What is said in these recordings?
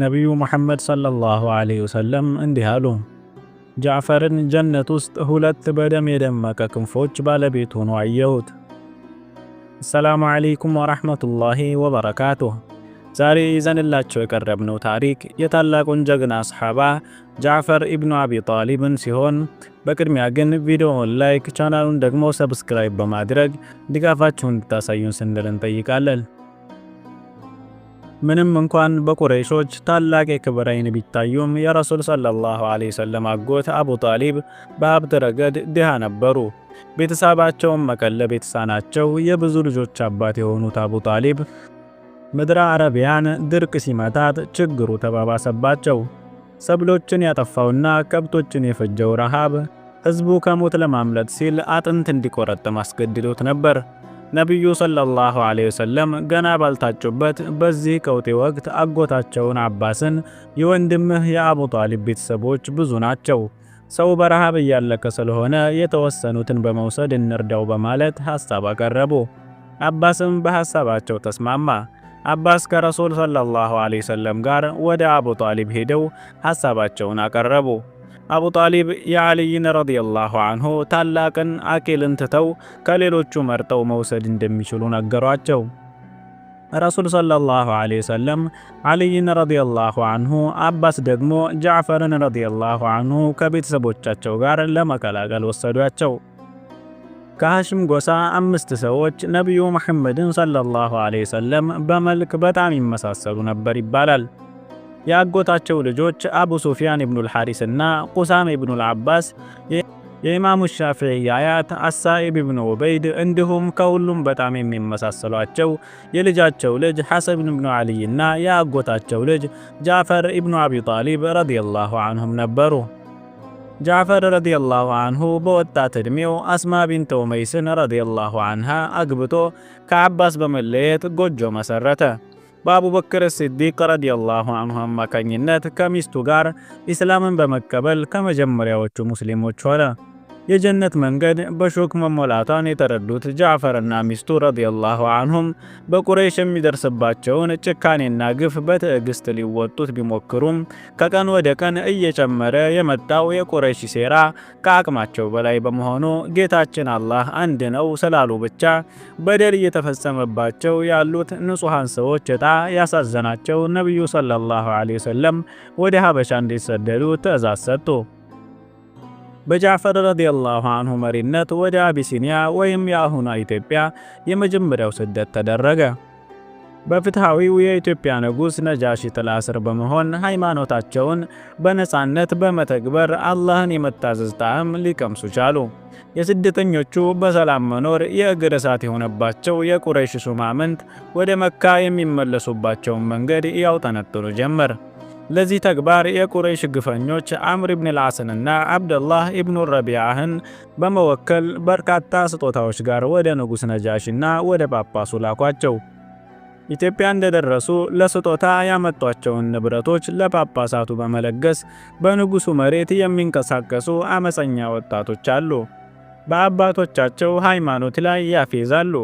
ነቢዩ ሙሐመድ ሰለላሁ ዓለይሂ ወሰለም እንዲህ አሉ፣ ጃዕፈርን ጀነት ውስጥ ሁለት በደም የደመቀ ክንፎች ባለቤት ሆኖ አየሁት። አሰላሙ ዓለይኩም ወረሕመቱላሂ ወበረካቱሁ። ዛሬ ይዘንላቸው የቀረብነው ታሪክ የታላቁን ጀግና ሰሓባ ጃዕፈር ኢብኑ አቢ ጣሊብን ሲሆን በቅድሚያ ግን ቪዲዮውን ላይክ፣ ቻናሉን ደግሞ ሰብስክራይብ በማድረግ ድጋፋችሁን እንድታሳዩን ስንል እንጠይቃለን። ምንም እንኳን በቁረይሾች ታላቅ የክብር አይን ቢታዩም የረሱል ሰለላሁ ዐለይሂ ወሰለም አጎት አቡ ጣሊብ በሀብት ረገድ ድሃ ነበሩ። ቤተሰባቸውን መቀለብ የተሳናቸው የብዙ ልጆች አባት የሆኑት አቡ ጣሊብ ምድረ አረቢያን ድርቅ ሲመታት ችግሩ ተባባሰባቸው። ሰብሎችን ያጠፋውና ከብቶችን የፈጀው ረሃብ ሕዝቡ ከሞት ለማምለጥ ሲል አጥንት እንዲቆረጥም አስገድዶት ነበር። ነቢዩ ሰለላሁ ዐለይሂ ወሰለም ገና ባልታጩበት በዚህ ቀውጢ ወቅት አጎታቸውን አባስን የወንድምህ የአቡ ጣሊብ ቤተሰቦች ብዙ ናቸው፣ ሰው በረሃብ እያለቀ ስለሆነ የተወሰኑትን በመውሰድ እንርዳው በማለት ሐሳብ አቀረቡ። አባስም በሐሳባቸው ተስማማ። አባስ ከረሱል ሰለላሁ ዐለይሂ ወሰለም ጋር ወደ አቡ ጣሊብ ሄደው ሐሳባቸውን አቀረቡ። አቡ ጣሊብ የዓልይን ረዲየላሁ አንሁ ታላቅን አኬልን ትተው ከሌሎቹ መርጠው መውሰድ እንደሚችሉ ነገሯቸው። ረሱል ሰለላሁ ዓለይሂ ወሰለም ዓልይን ረዲየላሁ አንሁ፣ አባስ ደግሞ ጃዕፈርን ረዲየላሁ አንሁ ከቤተሰቦቻቸው ጋር ለመቀላቀል ወሰዷቸው። ከሐሽም ጎሳ አምስት ሰዎች ነቢዩ መሐመድን ሰለላሁ ዓለይሂ ወሰለም በመልክ በጣም ይመሳሰሉ ነበር ይባላል። የአጎታቸው ልጆች አቡ ሱፊያን ኢብኑል ሐሪስ እና ቁሳም ኢብኑል አባስ የኢማሙ ሻፊዒ አያት አሳኢብ ኢብኑ ኡበይድ እንዲሁም ከሁሉም በጣም የሚመሳሰሏቸው የልጃቸው ልጅ ሐሰን ኢብኑ ዓሊ እና የአጎታቸው ልጅ ጃፈር ኢብኑ አቢ ጣሊብ ረዲየላሁ አንሁም ነበሩ። ጃፈር ረዲየላሁ አንሁ በወጣት ዕድሜው አስማ ቢንት ኡመይስን ረዲየላሁ አንሃ አግብቶ ከአባስ በመለየት ጎጆ መሰረተ። በአቡበክር ስዲቅ ረዲየላሁ አንሁ አማካኝነት ከሚስቱ ጋር ኢስላምን በመቀበል ከመጀመሪያዎቹ ሙስሊሞች ሆነ። የጀነት መንገድ በሾክ መሞላቷን የተረዱት ጃዕፈርና ሚስቱ ረዲየላሁ አንሁም በቁረይሽ የሚደርስባቸውን ጭካኔና ግፍ በትዕግስት ሊወጡት ቢሞክሩም ከቀን ወደ ቀን እየጨመረ የመጣው የቁረይሽ ሴራ ከአቅማቸው በላይ በመሆኑ ጌታችን አላህ አንድ ነው ስላሉ ብቻ በደል እየተፈጸመባቸው ያሉት ንጹሐን ሰዎች እጣ ያሳዘናቸው ነቢዩ ሰለላሁ ዐለይሂ ወሰለም ወደ ሀበሻ እንዲሰደዱ ትእዛዝ ሰጡ። በጃፈር ረዲየላሁ አንሁ መሪነት ወደ አቢሲኒያ ወይም የአሁኗ ኢትዮጵያ የመጀመሪያው ስደት ተደረገ። በፍትሐዊው የኢትዮጵያ ንጉሥ ነጃሺ ጥላ ስር በመሆን ሃይማኖታቸውን በነፃነት በመተግበር አላህን የመታዘዝ ጣዕም ሊቀምሱ ቻሉ። የስደተኞቹ በሰላም መኖር የእግር እሳት የሆነባቸው የቁረይሽ ሹማምንት ወደ መካ የሚመለሱባቸውን መንገድ ያውጠነጥኑ ጀመር። ለዚህ ተግባር የቁረይሽ ግፈኞች አምር ኢብን ልዓስንና አብደላህ ኢብኑ ረቢዓህን በመወከል በርካታ ስጦታዎች ጋር ወደ ንጉሥ ነጃሽና ወደ ጳጳሱ ላኳቸው። ኢትዮጵያ እንደደረሱ ለስጦታ ያመጧቸውን ንብረቶች ለጳጳሳቱ በመለገስ በንጉሡ መሬት የሚንቀሳቀሱ አመፀኛ ወጣቶች አሉ። በአባቶቻቸው ሃይማኖት ላይ ያፌዛሉ።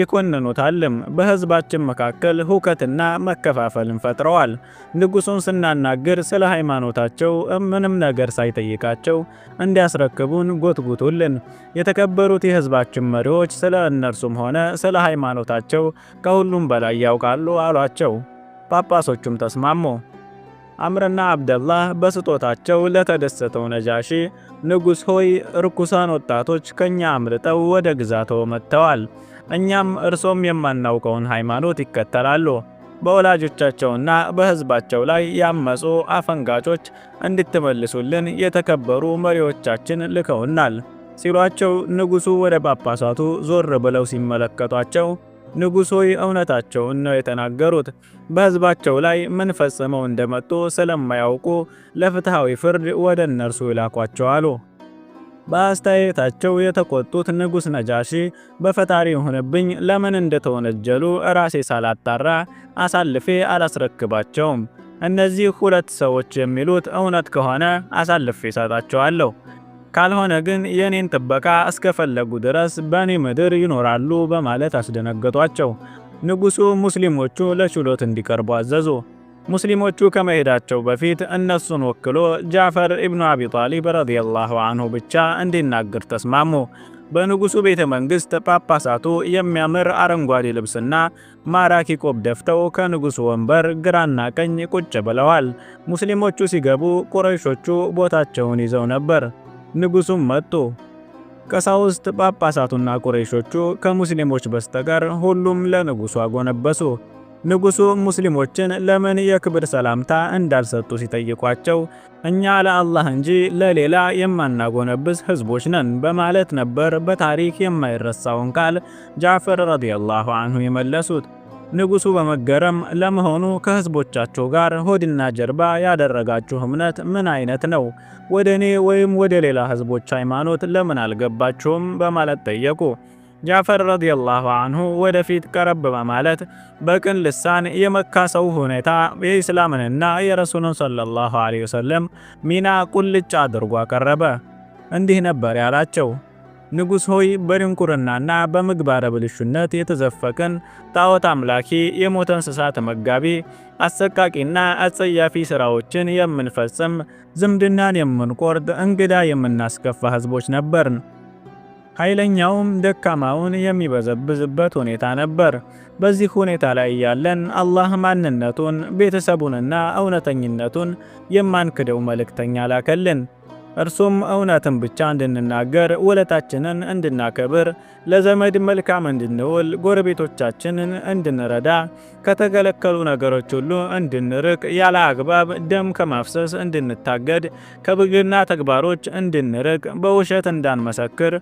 ይኮንኑታልም። በሕዝባችን መካከል ሁከትና መከፋፈልን ፈጥረዋል። ንጉሱን ስናናግር ስለ ሃይማኖታቸው ምንም ነገር ሳይጠይቃቸው እንዲያስረክቡን ጎትጉቱልን። የተከበሩት የህዝባችን መሪዎች ስለ እነርሱም ሆነ ስለ ሃይማኖታቸው ከሁሉም በላይ ያውቃሉ አሏቸው። ጳጳሶቹም ተስማሙ። አምርና አብደላህ በስጦታቸው ለተደሰተው ነጃሺ ንጉሥ ሆይ፣ ርኩሳን ወጣቶች ከኛ አምልጠው ወደ ግዛቶ መጥተዋል እኛም እርሶም የማናውቀውን ሃይማኖት ይከተላሉ። በወላጆቻቸውና በሕዝባቸው ላይ ያመፁ አፈንጋጮች እንድትመልሱልን የተከበሩ መሪዎቻችን ልከውናል ሲሏቸው ንጉሡ ወደ ጳጳሳቱ ዞር ብለው ሲመለከቷቸው ንጉሥ እውነታቸውን ነው የተናገሩት። በሕዝባቸው ላይ ምን ፈጽመው እንደመጡ ስለማያውቁ ለፍትሐዊ ፍርድ ወደ እነርሱ ይላኳቸው አሉ። በአስተያየታቸው የተቆጡት ንጉሥ ነጃሺ በፈጣሪ ሆነብኝ ለምን እንደተወነጀሉ ራሴ ሳላጣራ አሳልፌ አላስረክባቸውም። እነዚህ ሁለት ሰዎች የሚሉት እውነት ከሆነ አሳልፌ እሰጣቸዋለሁ፣ ካልሆነ ግን የኔን ጥበቃ እስከፈለጉ ድረስ በእኔ ምድር ይኖራሉ በማለት አስደነገጧቸው። ንጉሡ ሙስሊሞቹ ለችሎት እንዲቀርቡ አዘዙ። ሙስሊሞቹ ከመሄዳቸው በፊት እነሱን ወክሎ ጃዕፈር ኢብኑ አቢ ጣሊብ ረዲየላሁ አንሁ ብቻ እንዲናገር ተስማሙ። በንጉሱ ቤተ መንግሥት ጳጳሳቱ የሚያምር አረንጓዴ ልብስና ማራኪ ቆብ ደፍተው ከንጉሡ ወንበር ግራና ቀኝ ቁጭ ብለዋል። ሙስሊሞቹ ሲገቡ ቁረይሾቹ ቦታቸውን ይዘው ነበር። ንጉሱም መጡ። ቀሳውስት ጳጳሳቱና ቁረይሾቹ ከሙስሊሞች በስተቀር ሁሉም ለንጉሱ አጎነበሱ። ንጉሱ ሙስሊሞችን ለምን የክብር ሰላምታ እንዳልሰጡ ሲጠይቋቸው እኛ ለአላህ እንጂ ለሌላ የማናጎነብስ ህዝቦች ነን በማለት ነበር በታሪክ የማይረሳውን ቃል ጃዕፈር ረዲየላሁ አንሁ የመለሱት። ንጉሱ በመገረም ለመሆኑ ከህዝቦቻቸው ጋር ሆድና ጀርባ ያደረጋችሁ እምነት ምን አይነት ነው? ወደ እኔ ወይም ወደ ሌላ ህዝቦች ሃይማኖት ለምን አልገባችሁም? በማለት ጠየቁ። ጃፈር ረዲየላሁ አንሁ ወደፊት ቀረብ በማለት በቅን ልሳን የመካ ሰው ሁኔታ የኢስላምንና የረሱሉን ሰለላሁ ዐለይሂ ወሰለም ሚና ቁልጭ አድርጎ አቀረበ። እንዲህ ነበር ያላቸው። ንጉሥ ሆይ በድንቁርናና በምግባረ ብልሹነት የተዘፈቅን ጣዖት አምላኪ፣ የሞተ እንስሳ ተመጋቢ፣ አሰቃቂና አጸያፊ ሥራዎችን የምንፈጽም፣ ዝምድናን የምንቆርጥ፣ እንግዳ የምናስከፋ ሕዝቦች ነበርን። ኃይለኛውም ደካማውን የሚበዘብዝበት ሁኔታ ነበር። በዚህ ሁኔታ ላይ ያለን አላህ ማንነቱን ቤተሰቡንና እውነተኝነቱን የማንክደው መልእክተኛ ላከልን። እርሱም እውነትን ብቻ እንድንናገር፣ ውለታችንን እንድናከብር፣ ለዘመድ መልካም እንድንውል፣ ጎረቤቶቻችንን እንድንረዳ፣ ከተከለከሉ ነገሮች ሁሉ እንድንርቅ፣ ያለ አግባብ ደም ከማፍሰስ እንድንታገድ፣ ከብግና ተግባሮች እንድንርቅ፣ በውሸት እንዳንመሰክር፣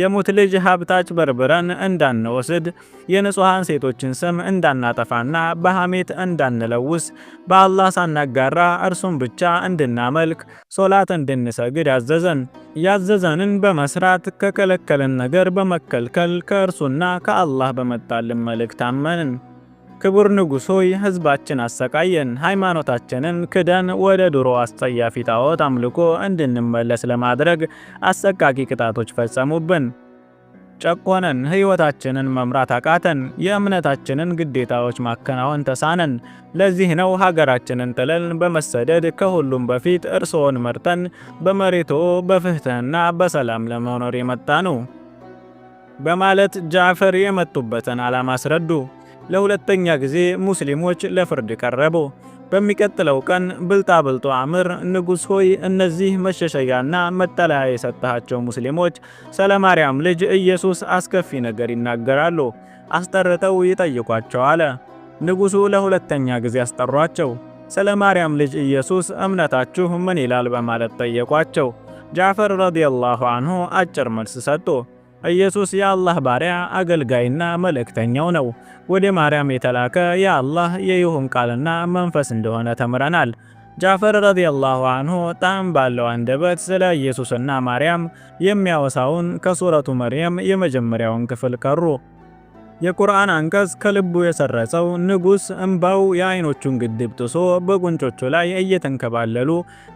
የሙት ልጅ ሀብታች በርብረን እንዳንወስድ፣ የንጹሐን ሴቶችን ስም እንዳናጠፋና በሐሜት እንዳንለውስ፣ በአላህ ሳናጋራ እርሱን ብቻ እንድናመልክ፣ ሶላት እንድንሰግድ ያዘዘን ያዘዘንን በመስራት ከከለከለን ነገር በመከል በመከልከል ከእርሱና ከአላህ በመጣልን መልእክት አመንን። ክቡር ንጉሥ ሆይ ሕዝባችን አሰቃየን፣ ሃይማኖታችንን ክደን ወደ ድሮ አስጸያፊ ጣዖት አምልኮ እንድንመለስ ለማድረግ አሰቃቂ ቅጣቶች ፈጸሙብን። ጨቆነን፣ ሕይወታችንን መምራት አቃተን፣ የእምነታችንን ግዴታዎች ማከናወን ተሳነን። ለዚህ ነው ሀገራችንን ጥለን በመሰደድ ከሁሉም በፊት እርስዎን መርጠን በመሬቶ በፍትህና በሰላም ለመኖር የመጣ ነው። በማለት ጃዕፈር የመጡበትን ዓላማ አስረዱ። ለሁለተኛ ጊዜ ሙስሊሞች ለፍርድ ቀረቡ። በሚቀጥለው ቀን ብልጣብልጦ አምር ንጉሥ ሆይ እነዚህ መሸሸያና መጠለያ የሰጠሃቸው ሙስሊሞች ስለ ማርያም ልጅ ኢየሱስ አስከፊ ነገር ይናገራሉ፣ አስጠርተው ይጠይቋቸው አለ። ንጉሡ ለሁለተኛ ጊዜ አስጠሯቸው። ስለ ማርያም ልጅ ኢየሱስ እምነታችሁ ምን ይላል በማለት ጠየቋቸው። ጃዕፈር ረዲየላሁ አንሁ አጭር መልስ ሰጡ። ኢየሱስ የአላህ ባሪያ አገልጋይና መልእክተኛው ነው። ወደ ማርያም የተላከ የአላህ የይሁን ቃልና መንፈስ እንደሆነ ተምረናል። ጃፈር ረዲየላሁ አንሁ ጣዕም ባለው አንደበት ስለ ኢየሱስና ማርያም የሚያወሳውን ከሱረቱ መርየም የመጀመሪያውን ክፍል ቀሩ። የቁርአን አንቀጽ ከልቡ የሰረጸው ንጉሥ እምባው የአይኖቹን ግድብ ጥሶ በጉንጮቹ ላይ እየተንከባለሉ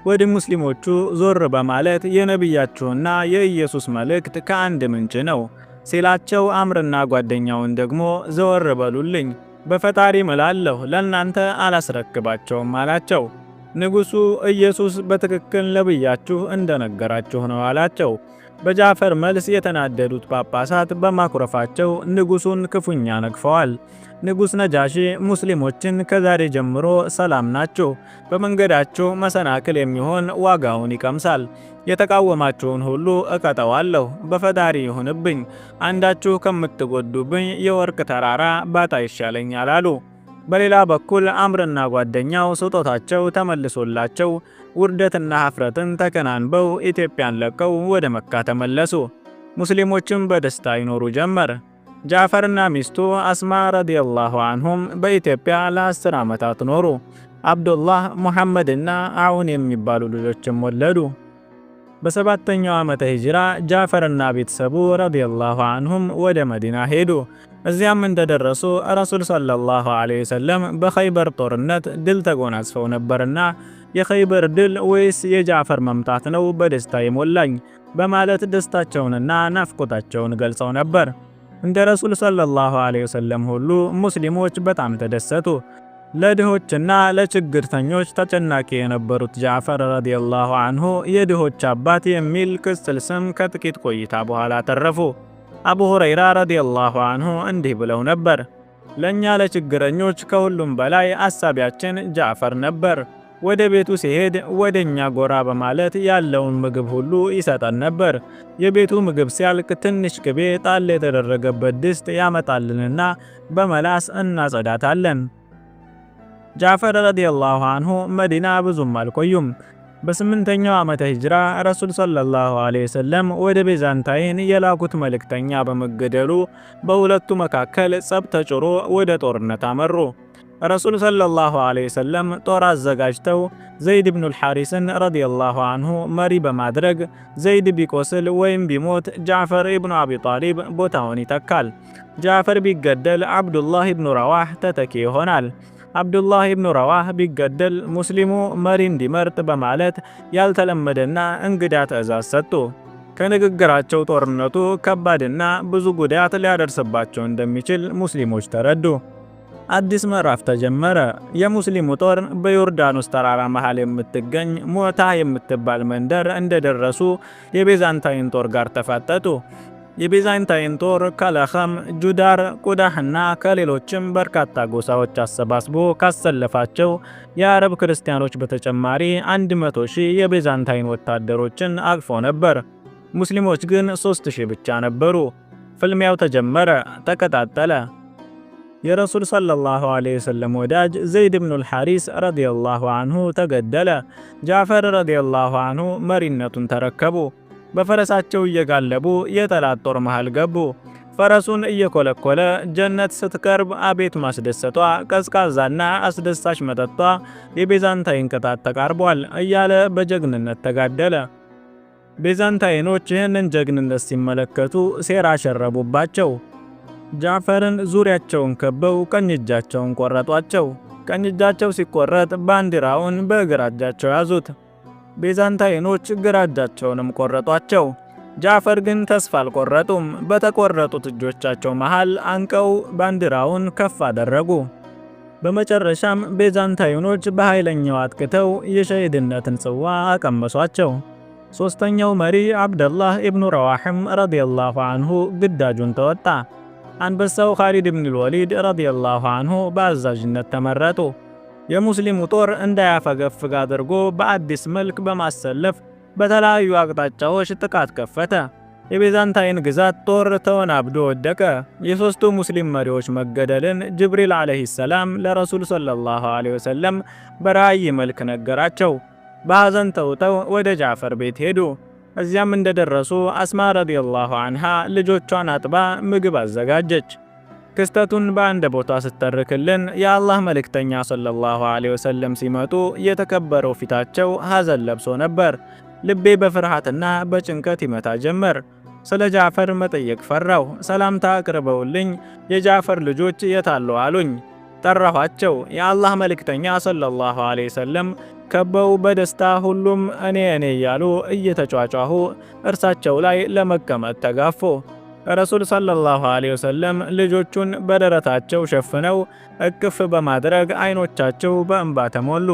ወደ ሙስሊሞቹ ዞር በማለት የነቢያችሁና የኢየሱስ መልእክት ከአንድ ምንጭ ነው ሲላቸው፣ አምርና ጓደኛውን ደግሞ ዘወር በሉልኝ፣ በፈጣሪ ምላለሁ ለእናንተ አላስረክባቸውም አላቸው። ንጉሡ ኢየሱስ በትክክል ነቢያችሁ እንደነገራችሁ ነው አላቸው። በጃፈር መልስ የተናደዱት ጳጳሳት በማኩረፋቸው ንጉሱን ክፉኛ ነቅፈዋል። ንጉሥ ነጃሺ ሙስሊሞችን ከዛሬ ጀምሮ ሰላም ናቸው፣ በመንገዳቸው መሰናክል የሚሆን ዋጋውን ይቀምሳል፣ የተቃወማችሁን ሁሉ እቀጠዋለሁ፣ በፈጣሪ ይሁንብኝ፣ አንዳችሁ ከምትጎዱብኝ የወርቅ ተራራ ባጣ ይሻለኛል አሉ። በሌላ በኩል አምርና ጓደኛው ስጦታቸው ተመልሶላቸው ውርደትና ሀፍረትን ተከናንበው ኢትዮጵያን ለቀው ወደ መካ ተመለሱ። ሙስሊሞችም በደስታ ይኖሩ ጀመር። ጃፈርና ሚስቱ አስማ ረዲየላሁ አንሁም በኢትዮጵያ ለአስር ዓመታት ኖሩ። አብዱላህ፣ ሙሐመድና አውን የሚባሉ ልጆችም ወለዱ። በሰባተኛው ዓመተ ሂጅራ ጃፈርና ቤተሰቡ ረዲየላሁ አንሁም ወደ መዲና ሄዱ። እዚያም እንደደረሱ ረሱል ሰለላሁ ዐለይሂ ወሰለም በኸይበር ጦርነት ድል ተጎናጽፈው ነበርና የኸይበር ድል ወይስ የጃፈር መምጣት ነው በደስታ የሞላኝ በማለት ደስታቸውንና ናፍቆታቸውን ገልጸው ነበር። እንደ ረሱል ሰለላሁ ዐለይሂ ወሰለም ሁሉ ሙስሊሞች በጣም ተደሰቱ። ለድሆችና ለችግርተኞች ተጨናቂ የነበሩት ጃዕፈር ረዲየላሁ አንሁ የድሆች አባት የሚል ቅጽል ስም ከጥቂት ቆይታ በኋላ ተረፉ። አቡ ሁረይራ ረዲየላሁ አንሁ እንዲህ ብለው ነበር፣ ለእኛ ለችግረኞች ከሁሉም በላይ አሳቢያችን ጃዕፈር ነበር። ወደ ቤቱ ሲሄድ ወደ እኛ ጎራ በማለት ያለውን ምግብ ሁሉ ይሰጠን ነበር። የቤቱ ምግብ ሲያልቅ ትንሽ ቅቤ ጣል የተደረገበት ድስት ያመጣልንና በመላስ እናጸዳታለን። ጃፈር ረዲየላሁ አንሁ መዲና ብዙም አልቆዩም። በስምንተኛው ዓመተ ሂጅራ ረሱል ሰለላሁ ዐለይሂ ወሰለም ወደ ቤዛንታይን የላኩት መልእክተኛ በመገደሉ በሁለቱ መካከል ጸብ ተጭሮ ወደ ጦርነት አመሩ። ረሱል ሰለላሁ ዐለይሂ ወሰለም ጦር አዘጋጅተው ዘይድ ብኑል ሐሪስን ረዲየላሁ አንሁ መሪ በማድረግ ዘይድ ቢቆስል ወይም ቢሞት ጃዕፈር ኢብኑ አቢ ጣሊብ ቦታውን ይተካል። ጃዕፈር ቢገደል አብዱላህ ኢብኑ ረዋህ ተተኪ ይሆናል። አብዱላህ ኢብኑ ረዋህ ቢገደል ሙስሊሙ መሪ እንዲመርጥ በማለት ያልተለመደና እንግዳ ትዕዛዝ ሰጡ። ከንግግራቸው ጦርነቱ ከባድና ብዙ ጉዳት ሊያደርስባቸው እንደሚችል ሙስሊሞች ተረዱ። አዲስ ምዕራፍ ተጀመረ። የሙስሊሙ ጦር በዮርዳኖስ ተራራ መሃል የምትገኝ ሞታ የምትባል መንደር እንደደረሱ የቤዛንታይን ጦር ጋር ተፋጠጡ። የቤዛንታይን ጦር ከለኸም፣ ጁዳር፣ ቁዳህና ከሌሎችም በርካታ ጎሳዎች አሰባስቦ ካሰለፋቸው የአረብ ክርስቲያኖች በተጨማሪ 100 ሺህ የቤዛንታይን ወታደሮችን አቅፎ ነበር። ሙስሊሞች ግን ሺህ ብቻ ነበሩ። ፍልሚያው ተጀመረ፣ ተቀጣጠለ። የረሱል ሰለላሁ ዐለይሂ ወሰለም ወዳጅ ዘይድ ብኑል ሐሪስ ረዲየላሁ አንሁ ተገደለ። ጃዕፈር ረዲየላሁ አንሁ መሪነቱን ተረከቡ። በፈረሳቸው እየጋለቡ የጠላት ጦር መሃል ገቡ። ፈረሱን እየኮለኮለ ጀነት ስትቀርብ አቤት ማስደሰቷ፣ ቀዝቃዛና አስደሳች መጠጧ፣ የቤዛንታይን ቅጣት ተቃርቧል እያለ በጀግንነት ተጋደለ። ቤዛንታይኖች ይህንን ጀግንነት ሲመለከቱ ሴራ አሸረቡባቸው። ጃፈርን ዙሪያቸውን ከበው ቀኝ እጃቸውን ቆረጧቸው። ቀኝ እጃቸው ሲቆረጥ ባንዲራውን በግራ እጃቸው ያዙት። ቤዛንታይኖች ግራ እጃቸውንም ቆረጧቸው። ጃፈር ግን ተስፋ አልቆረጡም። በተቆረጡት እጆቻቸው መሃል አንቀው ባንዲራውን ከፍ አደረጉ። በመጨረሻም ቤዛንታይኖች በኃይለኛው አጥቅተው የሸሂድነትን ጽዋ አቀመሷቸው። ሦስተኛው መሪ አብደላህ ኢብኑ ረዋሕም ረዲየላሁ አንሁ ግዳጁን ተወጣ። አንበሳው ኻሊድ ብን ልወሊድ ረዲየላሁ አንሁ በአዛዥነት ተመረጡ። የሙስሊሙ ጦር እንዳያፈገፍግ አድርጎ በአዲስ መልክ በማሰለፍ በተለያዩ አቅጣጫዎች ጥቃት ከፈተ። የቤዛንታይን ግዛት ጦር ተወናብዶ ወደቀ። የሦስቱ ሙስሊም መሪዎች መገደልን ጅብሪል ዓለይሂ ሰላም ለረሱል ሰለላሁ ዓለይሂ ወሰለም በራእይ መልክ ነገራቸው። በሐዘን ተውጠው ወደ ጃፈር ቤት ሄዱ። እዚያም እንደደረሱ አስማ ረዲየላሁ አንሃ ልጆቿን አጥባ ምግብ አዘጋጀች። ክስተቱን በአንድ ቦታ ስትተርክልን የአላህ መልእክተኛ ሰለላሁ ዐለይሂ ወሰለም ሲመጡ የተከበረው ፊታቸው ሐዘን ለብሶ ነበር። ልቤ በፍርሃትና በጭንቀት ይመታ ጀመር። ስለ ጃፈር መጠየቅ ፈራሁ። ሰላምታ አቅርበውልኝ የጃፈር ልጆች የታሉ አሉኝ። ጠራኋቸው። የአላህ መልእክተኛ ሰለላሁ ዐለይሂ ወሰለም ከበው በደስታ ሁሉም እኔ እኔ እያሉ እየተጫጫሁ እርሳቸው ላይ ለመቀመጥ ተጋፉ። ረሱል ሰለላሁ ዐለይሂ ወሰለም ልጆቹን በደረታቸው ሸፍነው እቅፍ በማድረግ አይኖቻቸው በእንባ ተሞሉ።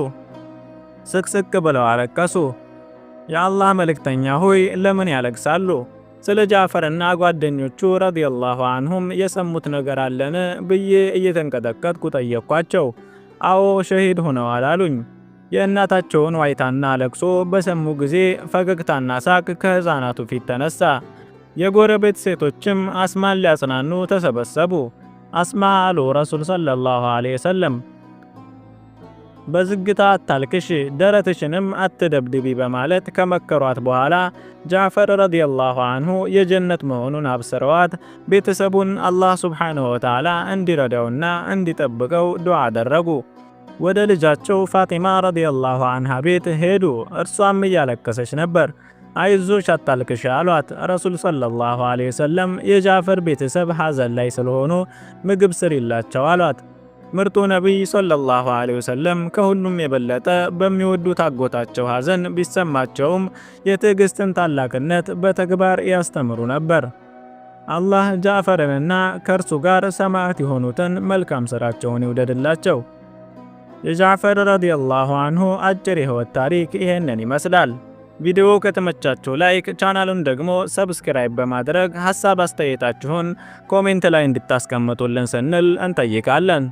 ስቅስቅ ብለው አለቀሱ። የአላህ መልእክተኛ ሆይ ለምን ያለቅሳሉ? ስለ ጃዕፈርና ጓደኞቹ ረዲየላሁ አንሁም የሰሙት ነገር አለን ብዬ እየተንቀጠቀጥኩ ጠየቅኳቸው። አዎ ሸሂድ ሆነዋል አሉኝ። የእናታቸውን ዋይታና ለቅሶ በሰሙ ጊዜ ፈገግታና ሳቅ ከሕፃናቱ ፊት ተነሳ። የጎረቤት ሴቶችም አስማን ሊያጽናኑ ተሰበሰቡ። አስማ አሉ ረሱል ሰለላሁ ዐለይሂ ወሰለም በዝግታ አታልቅሽ፣ ደረትሽንም አትደብድቢ በማለት ከመከሯት በኋላ ጃዕፈር ረዲየላሁ አንሁ የጀነት መሆኑን አብስረዋት ቤተሰቡን አላህ ሱብሓነሁ ወተዓላ እንዲረዳውና እንዲጠብቀው ዱዓ አደረጉ። ወደ ልጃቸው ፋጢማ ረዲየላሁ አንሃ ቤት ሄዱ። እርሷም እያለቀሰች ነበር። አይዞሽ አታልቅሽ አሏት። ረሱል ሰለላሁ ዐለይሂ ወሰለም የጃዕፈር ቤተሰብ ሐዘን ላይ ስለሆኑ ምግብ ስሪላቸው አሏት። ምርጡ ነቢይ ሰለላሁ ዐለይሂ ወሰለም ከሁሉም የበለጠ በሚወዱት አጎታቸው ሐዘን ቢሰማቸውም የትዕግሥትን ታላቅነት በተግባር ያስተምሩ ነበር። አላህ ጃዕፈርንና ከእርሱ ጋር ሰማዕት የሆኑትን መልካም ሥራቸውን ይውደድላቸው። የጃዕፈር ረዲየላሁ አንሁ አጭር የሕይወት ታሪክ ይሄንን ይመስላል። ቪዲዮ ከተመቻችሁ ላይክ፣ ቻናሉን ደግሞ ሰብስክራይብ በማድረግ ሐሳብ አስተያየታችሁን ኮሜንት ላይ እንድታስቀምጡልን ስንል እንጠይቃለን።